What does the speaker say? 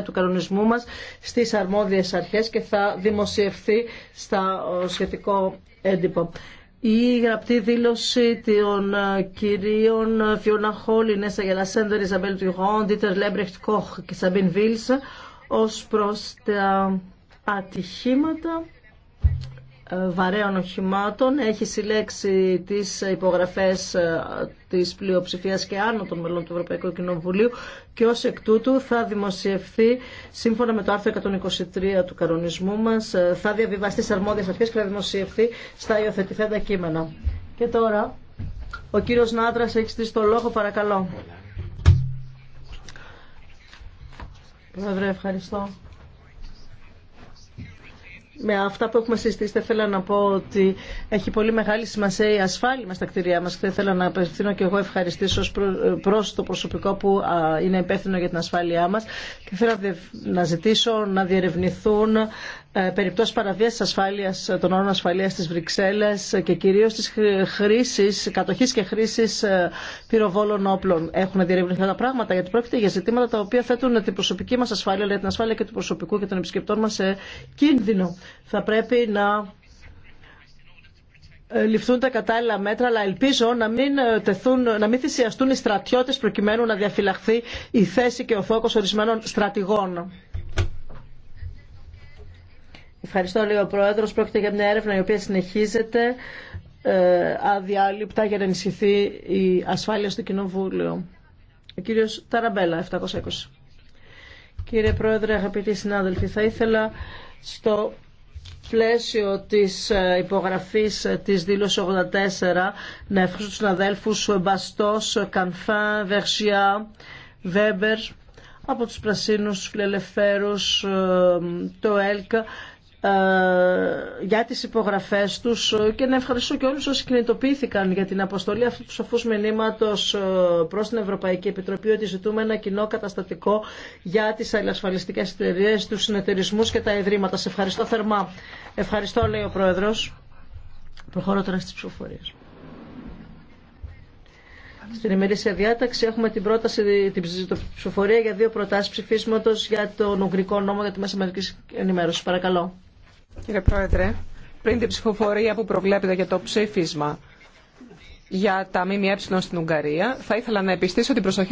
του κανονισμού μας στις αρμόδιες αρχές και θα δημοσιευθεί στα σχετικό έντυπο. Η γραπτή δήλωση των ε, κυρίων Φιώνα Χόλι, Νέσα Γελασέντερ, Ιζαμπέλ Τουγόν, Δίτερ Λέμπρεχτ Κόχ και Σαμπίν Βίλς ως προς τα ατυχήματα βαρέων οχημάτων έχει συλλέξει τις υπογραφές ε, της πλειοψηφίας και άνω των μελών του Ευρωπαϊκού Κοινοβουλίου και ως εκ τούτου θα δημοσιευθεί σύμφωνα με το άρθρο 123 του κανονισμού μας ε, θα διαβιβαστεί σε αρμόδιες αρχές και θα δημοσιευθεί στα υιοθετηθέντα κείμενα. Και τώρα ο κύριος Νάτρας έχει στήσει το λόγο παρακαλώ. Πρόεδρε ευχαριστώ με αυτά που έχουμε συζητήσει, θα θέλω να πω ότι έχει πολύ μεγάλη σημασία η ασφάλεια μας στα κτίρια μα Θα ήθελα να απευθύνω και εγώ ευχαριστήσω προς το προσωπικό που είναι υπεύθυνο για την ασφάλειά μα και θέλω να ζητήσω να διερευνηθούν ε, περιπτώσεις παραβίασης ασφάλειας των όρων ασφαλεία τη Βρυξέλλες και κυρίω τη χρήση, κατοχής και χρήσης ε, πυροβόλων όπλων. Έχουν διερευνηθεί τα πράγματα γιατί πρόκειται για ζητήματα τα οποία θέτουν την προσωπική μα ασφάλεια, αλλά την ασφάλεια και του προσωπικού και των επισκεπτών μα σε κίνδυνο θα πρέπει να ε, ληφθούν τα κατάλληλα μέτρα, αλλά ελπίζω να μην, ε, τεθούν, να μην θυσιαστούν οι στρατιώτες προκειμένου να διαφυλαχθεί η θέση και ο φόκος ορισμένων στρατηγών. Ευχαριστώ, λέει ο Πρόεδρος. Πρόκειται για μια έρευνα η οποία συνεχίζεται ε, αδιάλειπτα για να ενισχυθεί η ασφάλεια στο Κοινοβούλιο. Ο κύριος Ταραμπέλα, 720. Κύριε Πρόεδρε, αγαπητοί συνάδελφοι, θα ήθελα στο πλαίσιο της ε, υπογραφής ε, της δήλωσης 84 να ευχαριστώ τους αδέλφους Μπαστός, Κανφά, Βερσιά, Βέμπερ από τους Πρασίνους, τους ε, το έλκα ε, για τις υπογραφές τους και να ευχαριστώ και όλους όσοι κινητοποιήθηκαν για την αποστολή αυτού του σοφούς μηνύματος ε, προς την Ευρωπαϊκή Επιτροπή ότι ζητούμε ένα κοινό καταστατικό για τις αλληλασφαλιστικές εταιρείε, τους συνεταιρισμούς και τα ιδρύματα. Σε ευχαριστώ θερμά. Ευχαριστώ λέει ο Πρόεδρος. Προχωρώ τώρα στις ψηφοφορίες. Στην ημερήσια διάταξη έχουμε την, πρόταση, την ψηφοφορία για δύο προτάσεις ψηφίσματος για τον Ουγγρικό νόμο για τη Μέσα Ενημέρωση. Παρακαλώ. Κύριε Πρόεδρε, πριν την ψηφοφορία που προβλέπετε για το ψήφισμα για τα ΜΜΕ στην Ουγγαρία, θα ήθελα να επιστήσω την προσοχή